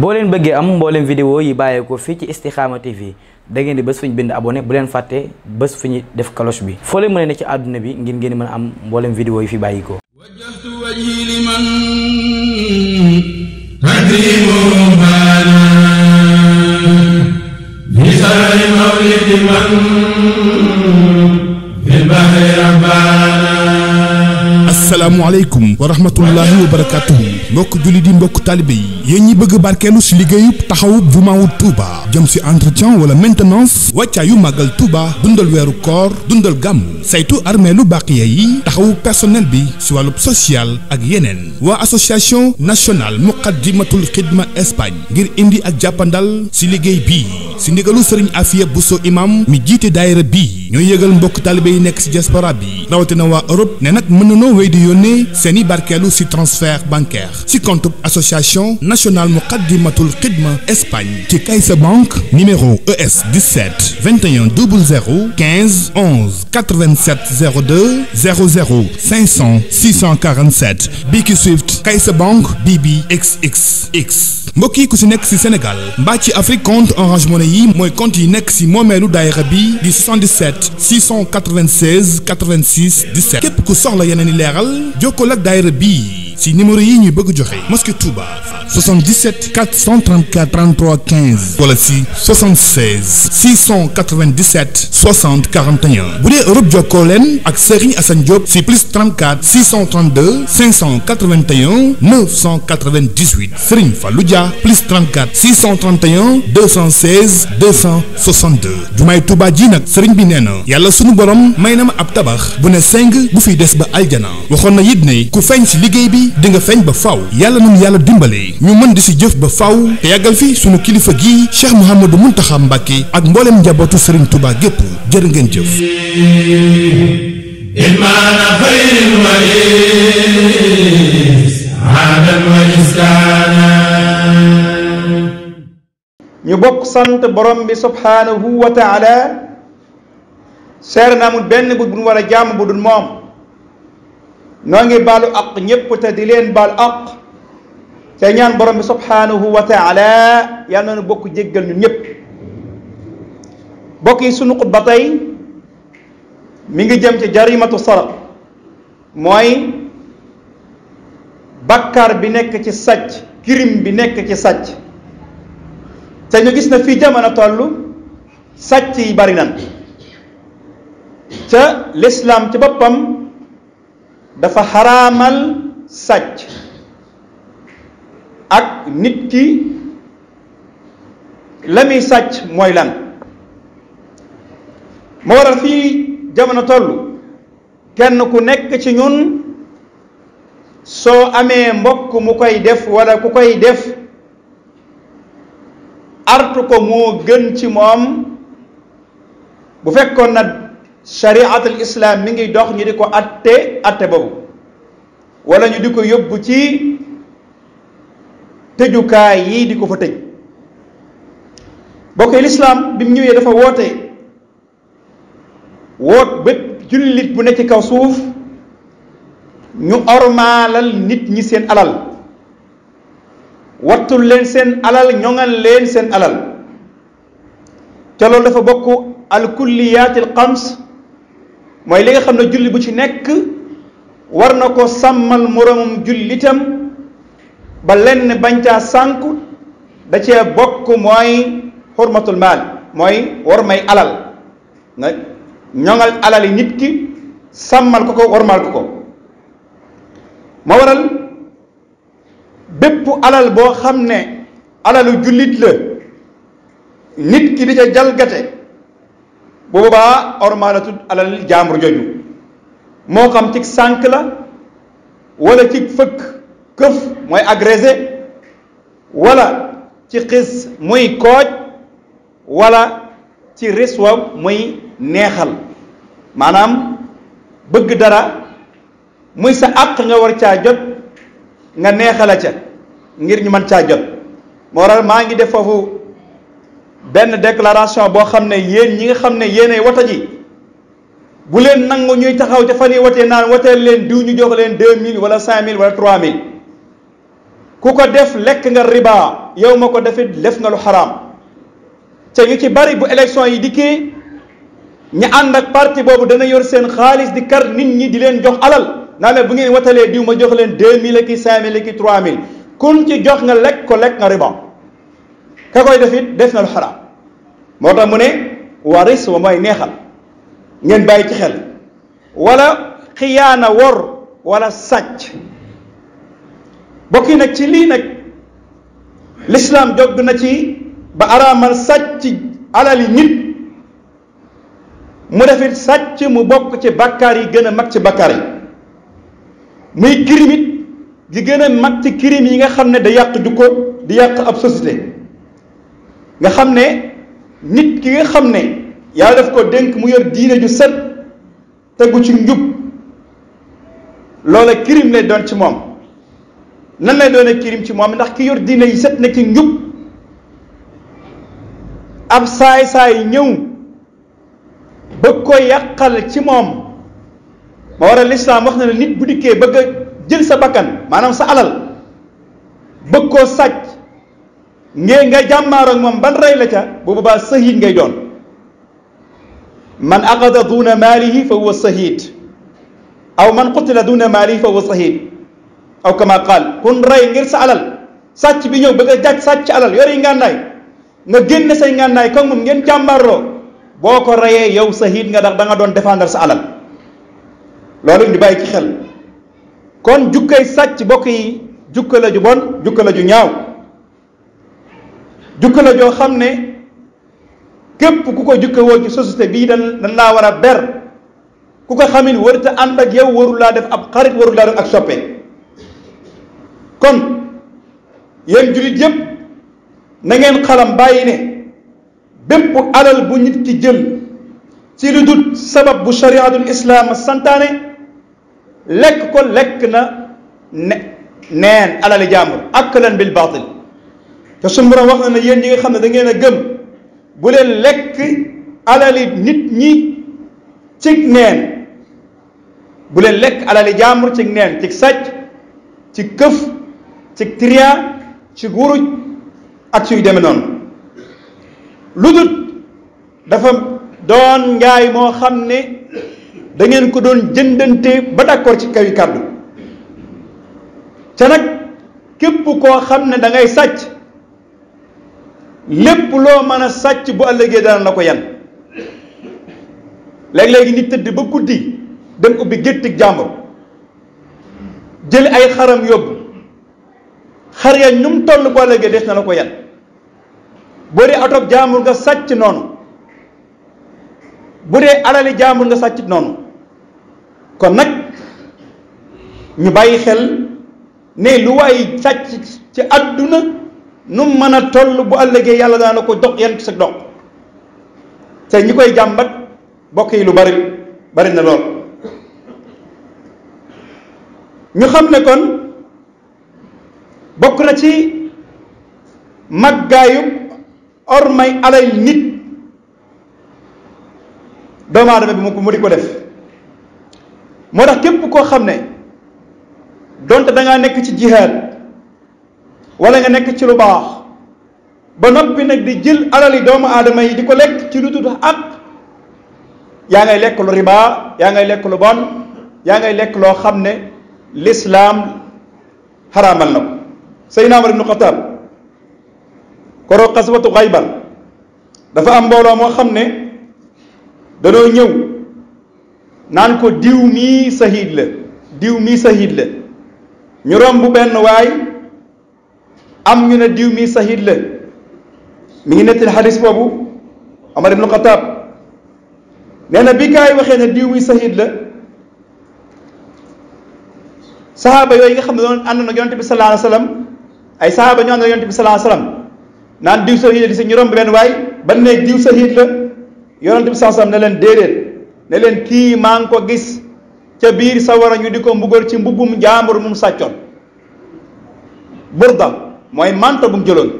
boo leen bëggee am mbooleem vidéo yi bàyyeekoo fii ci Istikhama TV da ngeen di bés fu ñu bind abonné bu leen fàtte bés fu def cloche bi foo leen mën ne ci àdduna bi ngir ngeen mën a am mbooleem vidéo yi fi bàyyikoo wajjahtu wajhi liman akrimu bi sari mawlidi man fil bahri asalaamualeykum wa rahmatullahi wa barakatuhu mbokk julli di mbokk taalibé yi yéen ñi bëgg barkeelu si liggéeyub taxawub jumaawu Touba jëm si entretien wala maintenance wàccaa yu màggal Touba dundal weeru koor dundal gàmm saytu armée lu baqiya yi taxawu personnel bi si wàllub social ak yeneen waa association nationale muqaddimatul xidma Espagne ngir indi ak jàppandal si liggéey bii si ndigalu sëriñ afiya buso imam mi jiite daayira bi ñooy yëgal mbokk taalibe yi nekk si diaspora bi rawatina waa Europe ne nag mën nanoo wéy di yónnee seeni i barkeelu si transfert bancaire si compte association nationale muqaddimatul xidma Espagne ci Caixa Bank numéro ES 17 21 00 15 11 87 02 00 500 647 Biki Swift Caixa Bank BBXXX mbokk yi ku si nekk si Sénégal mbaa ci Afrique compte Orange Money yi mooy compte yi nekk si moomeelu daayira bi di 77 696 képp ku soxla yeneen i leeral jokkoo ak daayira bii si numéro yi ñuy bëgg joxe mosquée Touba 77 434 33 15 wala si 76 697 60 41 bu dee Europe jokkoo leen ak Serigne Assane Diop si plus 34 632 581 998 Serigne Fallou Dia plus 34 631 216 262 jumaay Touba ji nag Serigne bi nee na yàlla sunu borom may na ma ab tabax bu ne seng bu fi des ba aljana waxoon na it ne ku feeñ si liggéey bi. dinga di feeñ ba faw yàlla nañu yàlla dimbale ñu mën di si jëf ba faw te yàggal fi sunu kilifa gii Cheikh Mouhamadou Mountakha Mbacké ak mbooleem njabootu Serigne tubaa gépp jër ngeen jëf ñu bokk sant borom bi subhaanahu wa taala seer na amul benn bu dul war a jàmm bu dul moom noo ngi baalu aq ñépp te di leen baal aq te ñaan borom bi subhaanahu wa taala yal na bokk jéggal ñun ñépp bokk yi sunu ba tey mi ngi jëm ci jarimatu sarq mooy bakkar bi nekk ci sàcc crime bi nekk ci sajj te ñu gis na fii jamono toll sàcc yi bari nan ca lislaam ci boppam dafa xaraamal sàcc ak nit ki la muy sàcc mooy lan moo waral fii jamono toll kenn ku nekk ci ñun soo amee mbokk mu koy def walla ku koy def artu ko moo gën ci moom bu fekkoon na shari'atul islam mi ngi dox ñu di ko atte atte boobu wala ñu di ko yóbbu ci tëjukaay yi di ko fa tëj bokk lislaam bi mu ñëwee dafa woote woot bépp jullit bu nekk ci kaw suuf ñu ormaalal nit ñi seen alal wattul leen seen alal ñoŋal leen seen alal te dafa bokk al kulliyaat al mooy li nga xam ne julli bu ci nekk war na ko sàmmal moroomam jullitam ba lenn bañ caa sànku da cee bokk mooy xurmatul maal mooy war may alal nga ñoŋal alali nit ki sàmmal ko ko warmal ko ko moo waral bépp alal boo xam ne alalu jullit la nit ki di ca jalgate boobaa ormaalatul alal jaambur joju moo xam ci sànq la wala ci fëkk këf mooy agressé wala ci xis muy kooj wala ci riswa muy neexal maanaam bëgg dara muy sa àq nga war caa jot nga neexala ca ngir ñu mën caa jot moo waral maa ngi def foofu benn déclaration boo xam ne yéen ñi nga xam ne yéenay wata ji bu leen nangu ñuy taxaw ca fan yi watee naan wateel leen diw ñu jox leen deux mille wala cinq mille wala trois mille ku ko def lekk nga riba yow ma ko defit def nga lu xaraam ca ñu ci bari bu élection yi di dikkee ña ànd ak parti boobu dana yor seen xaalis di kar nit ñi di leen jox alal naa leen bu ngeen watalee diw ma jox leen deux mille ak i cinq mille ak i trois mille kun ci jox nga lekk ko lekk nga riba ka koy def it def na lu xaraam moo tax mu ne waris wa mooy neexal ngeen bàyyi ci xel wala xiyaana wor walla sàcc bokki yi nag ci lii nag lislaam jog na ci ba araamal sàcc alali nit mu defit sàcc mu bokk ci bàkkaar yi gën a mag ci bàkkaar yi muy kirimit gi gën a mag ci kirim yi nga xam ne da yàq jukko di yàq ab société nga xam ne nit ki nga xam ne yàlla def ko dénk mu yor diine ju set tegu ci njub loola kirim lay doon ci moom nan lay doone kirim ci moom ndax ki yor diine yi set na ci njub ab saay-saay ñëw bëgg ko yàqal ci moom ma war a lislaam wax na nit bu dikkee bëgg a jël sa bakkan maanaam sa alal bëgg koo sàcc ngee nga jàmmaar ak moom ban rey la ca bu boobaa sahiid ngay doon man aqada duna maalihi fa huwa sahiid aw man qutila duna maalihi fa huwa sahiid aw kama qaal kun rey ngir sa alal sàcc bi ñëw bëgg a jàcc sàcc alal yore ngànnaay nga génne say ngànnaay comme moom ngeen jàmbaarloo boo ko reyee yow sahiid nga ndax da nga doon défendre sa alal loolu ñu bàyyi ci xel kon jukkay sàcc bokk yi jukka la ju bon jukka la ju ñaaw jukka la joo xam ne képp ku ko jukka woo ci société bii dan dan laa war a ber ku ko xamit warut a ànd ak yow warul laa def ab xarit warul laa def ak soppe kon yéen jullit yépp na ngeen xalam bàyyi ne bépp alal bu nit ki jël ci lu dul sabab bu shariatul islaam santaane lekk ko lekk na ne neen alali jàmbur ak lan bil baatil te suñu borom wax na ne yéen ñi nga xam ne da a gëm bu leen lekk alali nit ñi cig neen bu leen lekk alali jaamur cig neen cig sàcc ci këf ci trian ci guruj ak suy demee noonu lu dut dafa doon njaay moo xam ne da ngeen ko doon jëndante ba d'accord ci kaw yi kàddu te nag képp koo xam ne da ngay sàcc lépp loo mën a sàcc bu ëllëgee dana la ko yan léeg-léegi nit tëdd ba guddi dem ubbi géttig jàmbur jëli ay xaram yóbbu xar ya ñu mu toll bu ëllëgee des na la ko yan boo dee otob jàmbur nga sàcc noonu bu dee alali jàmbur nga sàcc noonu kon nag ñu bàyyi xel ne lu waay sàcc ci àdduna nu mën a toll bu ëllëgee yàlla daana ko dox yan sa dox te ñi koy jàmbat bokk yi lu bari bari na lool ñu xam ne kon bokk na ci màggaayu ormay alay nit doomu aadama bi mu mu di ko def moo tax képp koo xam ne donte da nekk ci jihaad wala nga nekk ci lu baax ba noppi nag di jël alali doomu aadama yi di ko lekk ci lu tudd ak yaa ngay lekk lu riba yaa ngay lekk lu bon yaa ngay lekk loo xam ne lislaam xaraamal na ko Seydina nu ibnu Xataab koroo xaswatu xaybal dafa am mbooloo moo xam ne danoo ñëw naan ko diw mii sahiid la diw mii sahiid la ñu romb benn waay am ñu ne diw mi sahid la mu ngi nettali xadis boobu Omar ibnu Xataab nee na bi kaay waxee ne diw mi sahid la saxaaba yooyu nga xam ne doon ànd na yonent bi sallallahu alayhi wa sallam ay saxaaba ñoo ànd na yonent bi sallallahu alayhi wa naan diw sahid la di si ñu romb benn waay ba ne diw sahid la yonent bi sallallahu alayhi ne leen déedéet ne leen kii maa ngi ko gis ca biir sawara ñu di ko mbugal ci mbubbum jaambur mum sàccoon burda mooy manto bu jëloon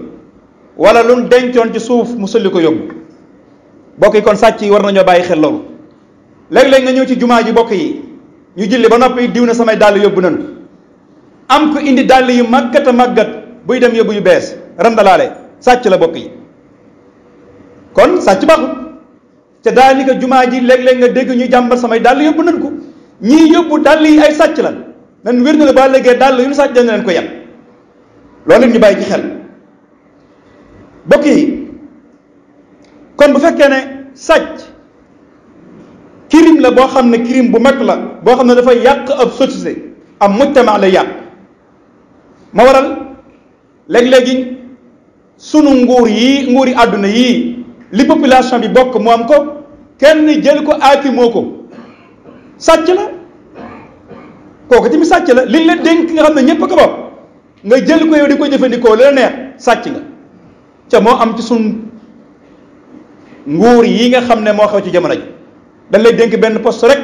wala lu mu dencoon ci suuf mu sulli ko yóbbu bokk kon sàcc yi war nañoo bàyyi xel loolu léeg-léeg nga ñëw ci jumaa ji bokk yi ñu julli ba noppi diw na samay dàll yóbbu nan am ko indi dàll yu màggat a màggat buy dem yóbbu yu bees randalaale sàcc la bokk yi kon sàcc baaxut te daanaka jumaa ji léeg-léeg nga dégg ñu jàmbat samay dàll yóbbu nan ko ñii yóbbu dàll yi ay sàcc la nan wér na la ba léegi dàll yu ñu sàcc dañ leen ko yem loolu ñu bàyyi ci xel bokk yi kon bu fekkee ne sàcc kirim la boo xam ne kirim bu mag la boo xam ne dafay yàq ab société am mujtama la yàq ma waral léeg-léegi sunu nguur yi nguur yi àdduna yii li population bi bokk mu am ko kenn jël ko aaki ko sàcc la kooku tamit sàcc la liñ leen dénk nga xam ne ñépp ko nga jël ko yow di ko jëfandikoo la neex sàcc nga ca moo am ci suñ nguur yi nga xam ne moo xew ci jamono ji dañ lay dénk benn poste rek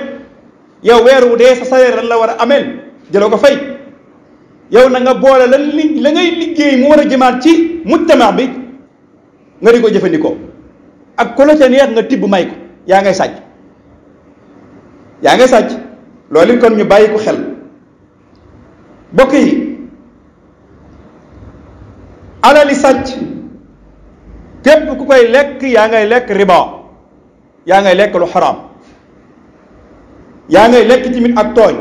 yow weer wu dee sa salaire lan la war a ameel jëloo ko fay yow na nga boole la li la ngay liggéey mu war a jëmaat ci mujtama bi nga di ko jëfandikoo ak ku la ca neex nga tibb may ko yaa ngay sàcc yaa ngay sàcc loolu kon ñu bàyyi ko xel bokk yi alali sàcc képp ku koy lekk yaa ngay lekk riba yaa ngay lekk lu xaraam yaa ngay lekk tamit ak tooñ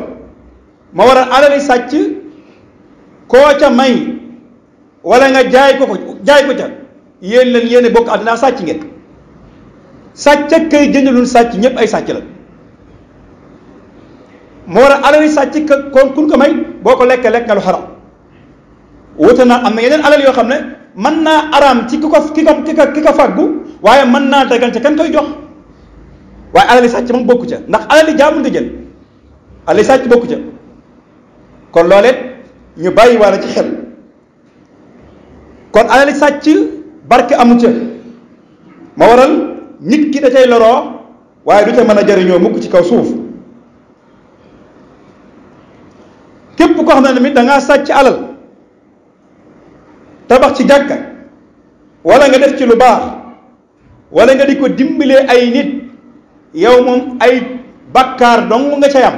ma waral alali sàcc koo ca may wala nga jaay ko ko jaay ko ca yéen leen yéen bokk àddinaa sàcc ngeen sàcc ak kay jëndalul sàcc ñépp ay sàcc la ma a alali sàcc koon kun ko may boo ko lekkee lekk nga lu xaraam wute na am na yeneen alal yoo xam ne mën naa araam ci ki ko ki ko ki ko fàggu waaye mën naa tegal ca kan koy jox waaye alali sàcc moom bokku ca ndax alali jaamu nga jël sàcc bokku ca kon loolee ñu bàyyi waale ci xel kon alali sàcc barke amu ca ma waral nit ki da cay loroo waaye du ca mën a jariñoo mukk ci kaw suuf képp koo xam ne tamit da ngaa sàcc alal tabax ci jàkka wala nga def ci lu baax wala nga di ko dimbalee ay nit yow moom ay bàkkaar dong nga cay am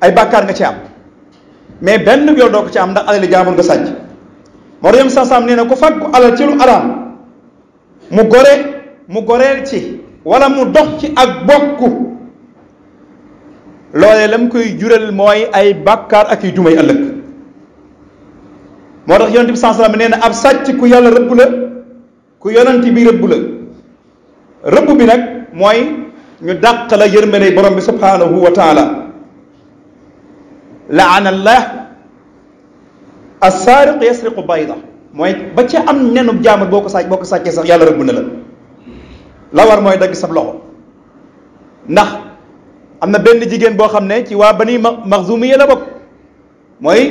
ay bàkkaar nga cay am mais benn yow doo ko ci am ndax alali jaamul nga sàcc moo tax yam sam-sam nee na ku fàggu alal ci lu araam mu gore mu goreel ci wala mu dox ci ak bokk loolee lam koy jural mooy ay bàkkaar ak yu dumay ëllëg moo tax yonent bi saa salaam nee ab sàcc ku yàlla rëbb la ku yonent bi rëbb la rëbb bi nag mooy ñu dàq la yërmande borom bi subhaanahu wa taala laana allah assaariq yasriqu bayda mooy ba ci am nenu jaamur boo ko sàcc boo ko sax yàlla rëbb na la la war mooy dagg sab loxo ndax am na benn jigéen boo xam ne ci waa bani maxzumiya la bokk mooy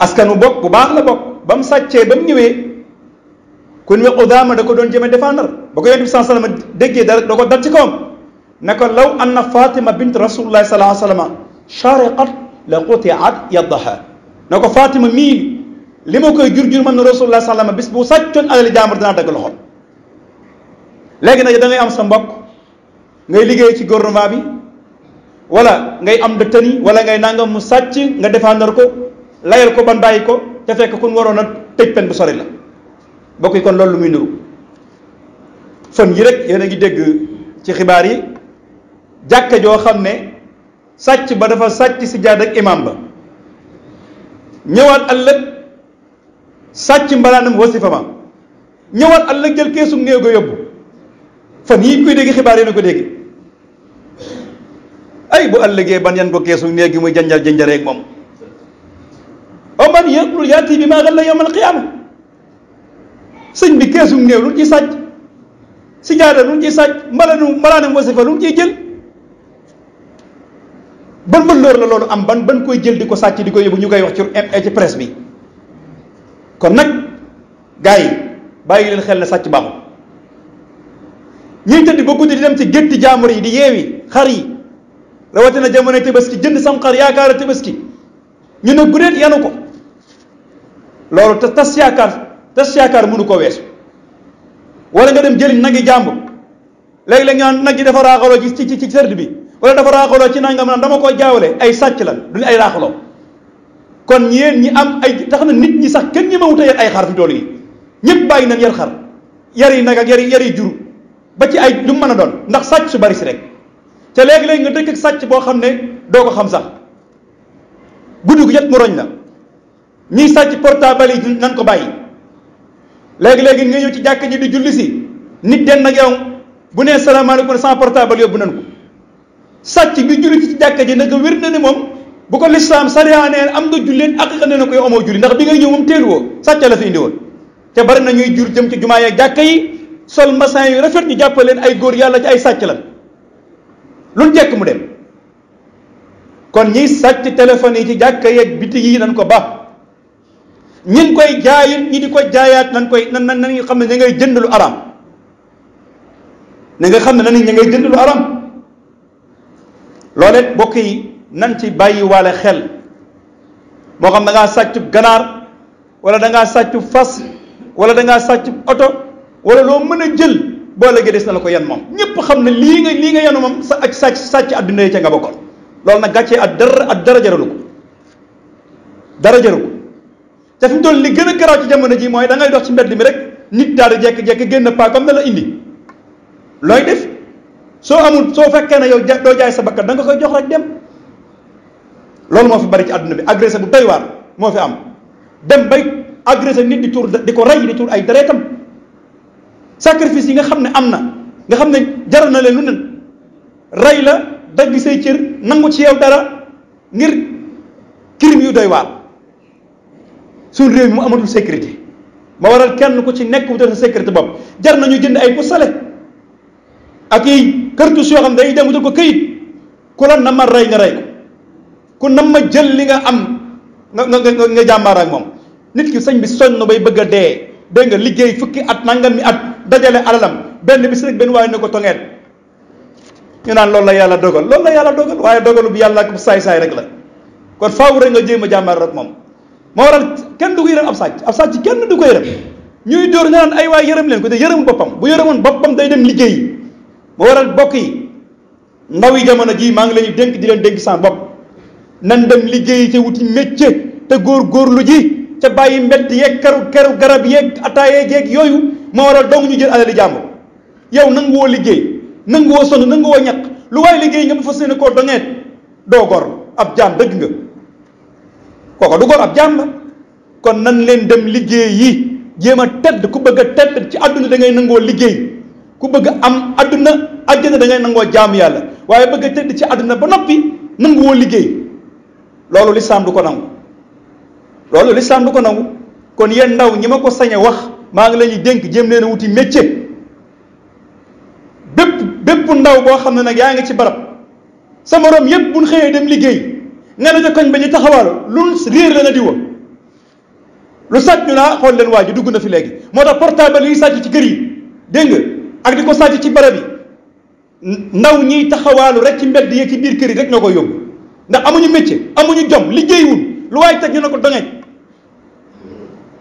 askanu bokk bu baax la bokk ba mu sàccee ba mu ñëwee ku ne Udaama da ko doon jëme défendre ba ko yonent bi sallallahu alayhi wa sallam déggee da da ko dal ci kawam ne ko law anna Fatima bint rasulillahi sallallahu alayhi wa sallam shariqat la qutiat yaddaha ne ko Fatima mii li ma koy jur jur man ne rasulullah sallallahu alayhi wa sallam bis bu sàccoon alali jaamur dinaa dagg loxoom léegi nag da ngay am sa mbokk liggéey ci gouvernement bi wala ngay am dëttani wala ngay nangam mu sàcc nga défendre ko. layal ko ban bàyyi ko te fekk kun waroon a tëj pen bu sori la bokk yi kon loolu lu muy nuru fan yi rek yéen a ngi dégg ci xibaar yi jàkka joo xam ne sàcc ba dafa sàcc si jaad ak imam ba ñëwaat ëllëg sàcc mbalaanam wasifa ma ñëwaat ëllëg jël keesu néew ga yóbbu fan yii koy dégg xibaar yéen ko dégg ay bu ëllëgee ban yan ko keesu néegi gi muy janjar janjareeg moom wa man yaqul yaati bi maa galla yowm alqiyaama sëñ bi keesum néew lu ci sàcc si jaada lu ci sàcc mbalaanu mbalaanam wasifa lu ciy jël ban ban lóor la loolu am ban ban koy jël di ko sàcc di ko yóbbu ñu koy wax ci eh, ci presse bi kon nag gars yi bàyyi leen xel ne sàcc baaxul ñuy tëdd ba guddi di dem ci gétti jaamur yi di yeewi xar yi rawatina jamono tabaski jënd sam xar yaakaara tabaski ñu ne guddee yanu ko loolu te tas yaakaar tas yaakaar mënu koo weesu wala nga dem jëliñ yi jàmbur léeg-léeg nga nag yi dafa raaxaloo ci ci ci sërd bi wala dafa raaxaloo ci nangam naan dama koo jaawale ay sàcc la duñu ay raaxaloo kon ñeen ñi am ay tax na nit ñi sax kenn ñi ma wuta yar ay xar fi tool yi ñëpp bàyyi nañ yar xar yar yi nag ak yar yar yi jur ba ci ay lu mën a doon ndax sàcc su bari si rek te léegi-léegi nga dëkk ak sàcc boo xam ne doo ko xam sax guddi gu jot mu roñ la ñiy sàcc portable yi nañ ko bàyyi léegi-léegi nga ñëw ci jàkk ji di julli si nit den nag yow bu nee salaamaaleykum sans portable yóbbu nañ ko sàcc bi julli ci jàkk ji nag wér na ne moom bu ko lislaam sariya nee am nga julleen ak xam ne ko yow amoo julli ndax bi nga ñëw moom teeluwoo sàcc la fi indi woon te bari na ñuy jur jëm ci jumaa yeeg jàkka yi sol masin yu rafet ñu jàppaleen ay góor yàlla ci ay sàcc la lu jekk mu dem kon ñiy sàcc téléphone yi ci jàkka yeeg bitig yi nañ ko baax ñin koy jaayit ñi di ko jaayaat nan koy nan nan nga xam ne ña ngay jënd lu araam na nga xam ne nan ña ngay jënd lu araam loole bokk yi nan ci bàyyi waale xel moo xam ne ngaa sàcc ganaar wala da ngaa sàccu fas wala da ngaa sàccu oto wala loo mën a jël boo léegi des na la ko yan moom ñëpp xam ne lii nga lii nga yanu moom sa ak sàcc sàcc adduna yi ca nga bokkoon loolu nag gàccee ak dara ak dara jaralu ko dara jaralu ko te fi mu toll li gën a garaaw ci jamono ji mooy dangay ngay dox ci mbedd mi rek nit daal di jekk-jekk génn paa na la indi looy def soo amul soo fekkee ne yow doo jaay sa bakkan da nga koy jox rek dem loolu moo fi bari ci àdduna bi agressé bu doy waar moo fi am dem bay agressé nit di tuur di ko rey di tuur ay deretam sacrifice yi nga xam ne am na nga xam ne jaral na leen lu ne rey la dagg say cër nangu ci yow dara ngir crime yu doy suñ réew mi mu amatul sécurité ma waral kenn ku ci nekk wutal sa sécurité jar nañu jënd ay posale ak i cartouches yoo xam ne day dem wutal ko këyit ku la nam ma rey nga rey ko ku nam ma jël li nga am nga nga nga jàmbaar ak moom nit ki sëñ bi soññ bay bëgg a dee dégg nga liggéey fukki at nangam mi at dajale alalam benn bis rek benn waaye ne ko tongeet ñu naan loolu la yàlla dogal loolu la yàlla dogal waaye dogalu bi yàlla ak saay saay rek la kon faaw rek nga jéema a jàmbaar ak moom. moo waral kenn du ko yërëm ab sàcc ab sàcc kenn du ko yërëm ñuy dóor nga naan ay waay yërëm leen ko te yërëmul boppam bu yërëmoon boppam day dem liggéey yi moo waral bokk yi ndaw yi jamono jii maa ngi leen dénk di leen dénk sans bopp nan dem liggéey ca wuti métier te góor-góorlu ji ca bàyyi mbett yeeg karu karu garab yeeg ataaye yeeg yooyu moo waral dong ñu jël alali jàmbur yow nangu woo liggéey nangu woo sonn nangu woo ñaq lu waay liggéey nga bu fas yéene koo doŋeet ab jaam dëgg nga kooko du góor ab jàmm kon nan leen dem liggéey yi jéem a tedd ku bëgg a tedd ci àdduna da ngay nangoo liggéey ku bëgg am àdduna àjjana da nangoo jàmm yàlla waaye bëgg a tedd ci àdduna ba noppi nanguwoo liggéey loolu lislaam du ko nangu loolu lislaam du ko nangu kon yéen ndaw ñi ma ko sañ wax maa ngi la ñuy dénk jéem leen a wuti métier bépp bépp ndaw boo xam ne nag yaa ngi ci barab sama morom yépp buñ xëyee dem liggéey nee nañu koñ ba ñu taxawaalu lu réer la na diwa lu sàcc ñu naa xool leen waa ji dugg na fi léegi moo tax portable yi sàcc ci kër yi dégg nga ak di ko sàcc ci barab yi ndaw ñiy taxawaalu rek ci mbedd yi ci biir kër yi rek ñoo koy yóbbu ndax amuñu métier amuñu jom liggéeyiwul lu waaye teg ñu ne ko doŋeej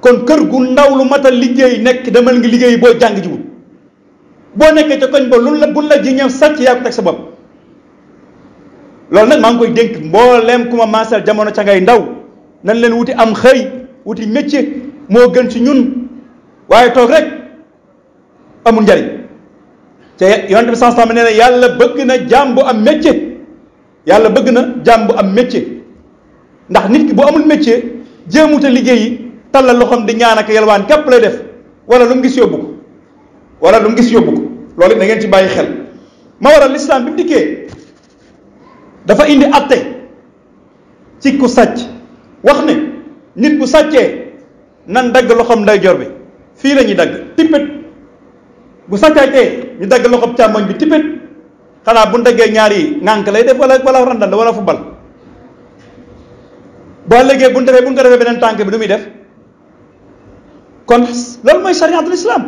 kon kër gu ndaw lu matal liggéey nekk demal ngi liggéey boo jàng jiwul boo nekkee ca koñ ba lu la bu la ji ñam sàcc yaa ko teg sa loolu nag maa ngi koy dénk mbooleem ku ma maasal jamono ca ngay ndaw nan leen wuti am xëy wuti métier moo gën ci ñun waaye toog rek amul njariñ te yonent bi sànq nee na yàlla bëgg na jaam bu am métier yàlla bëgg na jaam am métier ndax nit ki bu amul métier jéemuta liggéey yi tàllal loxoom di ñaan ak yalwaan képp lay def wala lu mu gis yóbbu ko wala lu mu gis yóbbu ko loolu it na ngeen ci bàyyi xel ma waral lislaam bi mu dikkee dafa indi atte ci ku sàcc wax ne nit bu sàccee nan dagg loxoom ndeyjoor bi fii la ñuy dagg tippet bu sàccaatee ñu dagg loxoom càmmoñ bi tippet xanaa bu daggee ñaar yi lay def wala wala randal wala football boo léegi bu ñu defee bu ñu ko defee beneen tànk bi du muy def kon loolu mooy sariyatul islam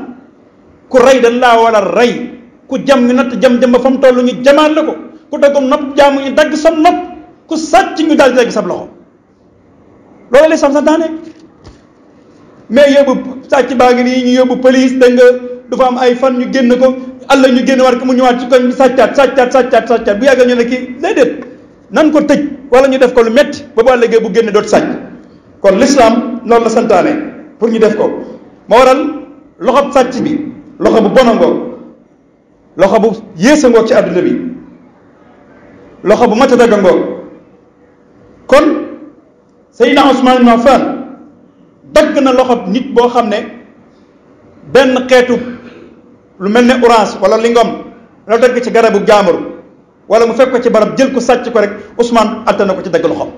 ku rey dañ laa war a rey ku jam ñu natt jam jam ba fa mu toll ñu jamaat la ko. ku daggum nopp jaamu ñu dagg sa nopp ku sàcc ñu daal di sab loxo loolu la sam santaane mais yóbbu sàcc baa ngi nii ñu yóbbu police da nga dafa am ay fan ñu génn ko àll ñu génn war ko mu ñëwaat ci koñ bi sàccaat sàccaat sàccaat sàccaat bu yàgg ñu ne kii déedéet nan ko tëj wala ñu def ko lu metti ba bu àllëgee bu génne doot sàcc kon l'islam loolu la santaane pour ñu def ko moo waral loxo sàcc bi loxo bu bonango loxo bu yéesangoog ci àdduna bi loxo bu mat a daggangoo kon Seydina Ousmane ibn Affan dagg na loxo nit boo xam ne benn xeetu lu mel ne orange wala lingom la dagg ci garabu jaamur wala mu fekk ko ci barab jël ko sàcc ko rek Ousmane atte na ko ci dagg loxo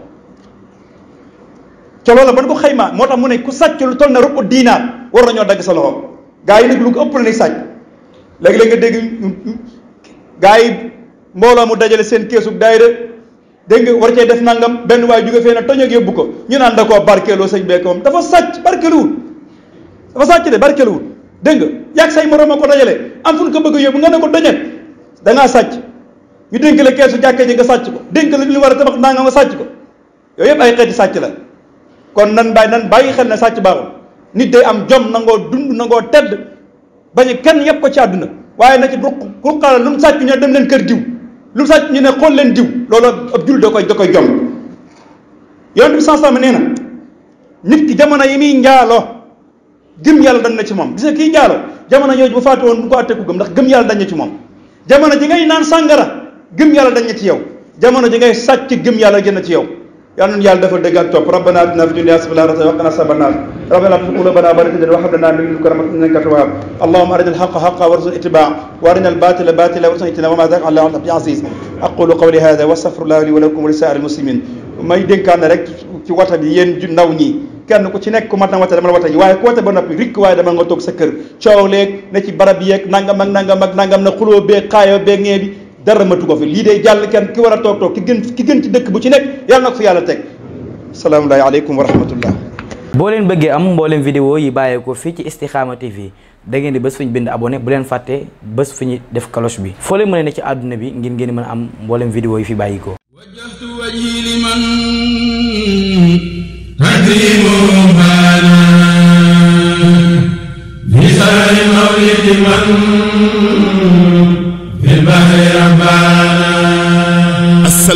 ca loola ban ko xaymaa moo tax mu ne ku sàcc lu toll ne rukku diinaar war nañoo dagg sa loxo gaa yi nag lu ko ëpp la ni sàcc léegi-léeg nga dégg gaa mbooloo mu dajale seen keesug daayira dégg nga war cee def nangam benn waay jóge fee na toñ ak yóbbu ko ñu naan da koo barkeeloo sëñ bee moom dafa sàcc barkeeluwut dafa sàcc de barkeeluwut dégg nga yàgg say moroom a ko dajale am fu ñu ko bëgg a yóbbu nga ne ko doñet dangaa sàcc ñu dénk la keesu jàkkee ji nga sàcc ko dénk la ñu war a tabax nangam nga sàcc ko yooyu yëpp ay xeeti sàcc la kon nan bàyyi nan bàyyi xel ne sàcc baaxul nit day am jom nangoo dund nangoo tedd bañ kenn yëpp ko ci àdduna waaye na ci ruq ruqaale lu mu sàcc ñu dem leen kër diw lu sax ñu ne xool leen diw loolu ab jul da koy da koy jom yonent bi sansam nee na nit ki jamono yi muy njaaloo gëm yàlla dañ na ci moom gis nga kii njaaloo jamono yooyu bu faatu woon bu ko àttee ku gëm ndax gëm yàlla dañ na ci moom jamono ji ngay naan sàngara gëm yàlla dañ na ci yow jamono ji ngay sàcc gëm yàlla jën na ci yow yàlla nañu yàlla defal dëgg ak topp rabbana atina fid dunya hasanatan wa qina azaban nar rabbana la tuzigh qulubana ba'da idh hadaytana wa hab lana min ladunka rahmatan innaka antal wahhab allahumma arina al-haqqa haqqan warzuqna ittiba'a wa arina al-batila batilan warzuqna ijtinaba wa ma dhalika 'ala Allahi bi-'aziz aqulu qawli hadha wa astaghfirullaha li wa lakum wa li sa'iril muslimin may dénkaan rek ci wata bi yéen ju ndaw ñi kenn ku ci nekk ku mat na wata dama la wata ji waaye ku wata ba noppi rikk waaye dama nga toog sa kër coow leeg ne ci barab yeeg nangam ak nangam ak nangam na xuloo beeg xaayoo beeg ñee bi dara matu ko fi lii day jàll kenn ki war a toog toog ki gën ki gën ci dëkk bu ci nekk yàlla na ko fi yàlla teg salaamaleykum wa rahmatullah. boo bëggee am mboolem vidéo yi bàyyeekoo fi ci Istikhama TV da ngeen di bés fu ñu bind abonné bu leen fàtte bés fu ñu def cloche bi foo leen mën ne ci àdduna bi ngir ngeen mën a am mboolem vidéo yi fi bàyyikoo wajjahtu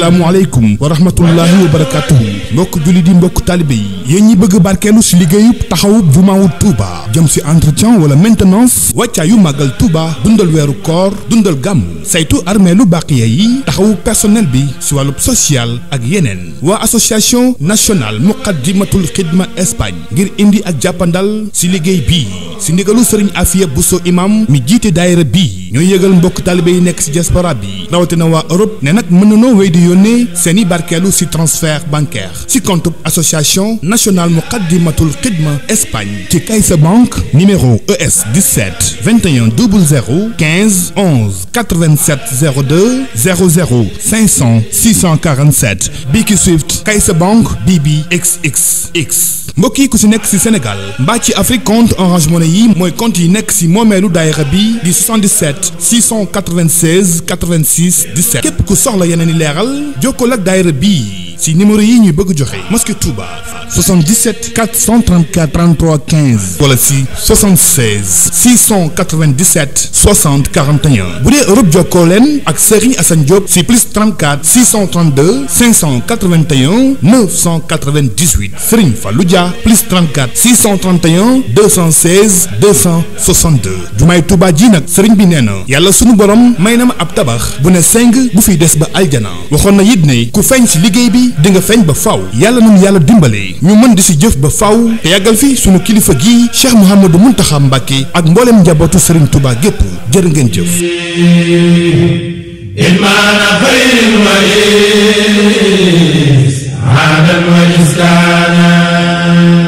asalaamu aleykum wa rahmatullahi wa barakatuhu mbokk julli di mbokk taalibé yi yéen ñi bëgg barkeelu si liggéeyub taxawub jumaawul Touba jëm si entretien wala maintenance wàccaa yu màggal Touba dundal weeru koor dundal gàmm saytu armée lu baqiya yi taxawu personnel bi si wàllu social ak yeneen waa association nationale muqaddimatul xidma Espagne ngir indi ak jàppandal si liggéey bii si ndigalu sëriñ bu Bousso imam mi jiite daayira bii ñooy yëgal mbokk taalibé yi nekk si diaspora bi rawatina waa Europe ne nag mën nanoo di yónnee seen i barkeelu si transfert bancaire ci compte association national Muqaddimatul Khidma Espagne ci Caixa Bank numéro ES 17 21 00 15 11 87 02 00 500 647 BIC Swift Caixa Bank BBXXX mbokk yi ku ci nekk ci Sénégal mbaa ci Afrique compte Orange Money yi mooy compte yi nekk ci moomeelu daayira bi di 77 696 86 17 képp ku soxla yeneen i leeral jokkoo ak daayira bii yi si numéro yi ñu bëgg joxe mosquée Touba 77 434 33 15 wala si 76 697 60 41 bu dee Europe jokkoo leen ak Serigne Assane Diop si plus 34 632 581 998 Serigne Fallou Dia plus 34 631 216 262 jumaay Touba ji nag Serigne bi nee na yàlla sunu borom may na ma ab tabax bu ne seng bu fi des ba aljana waxoon na it ne ku feeñ si liggéey bi. yi nga feeñ ba faaw yàlla nañu yàlla dimbale ñu mën di si jëf ba faaw te yàggal fi sunu kilifa gii Cheikh Mouhamadou Mountakha Mbacké ak mbooleem njabootu Serigne Touba gépp jërë ngeen jëf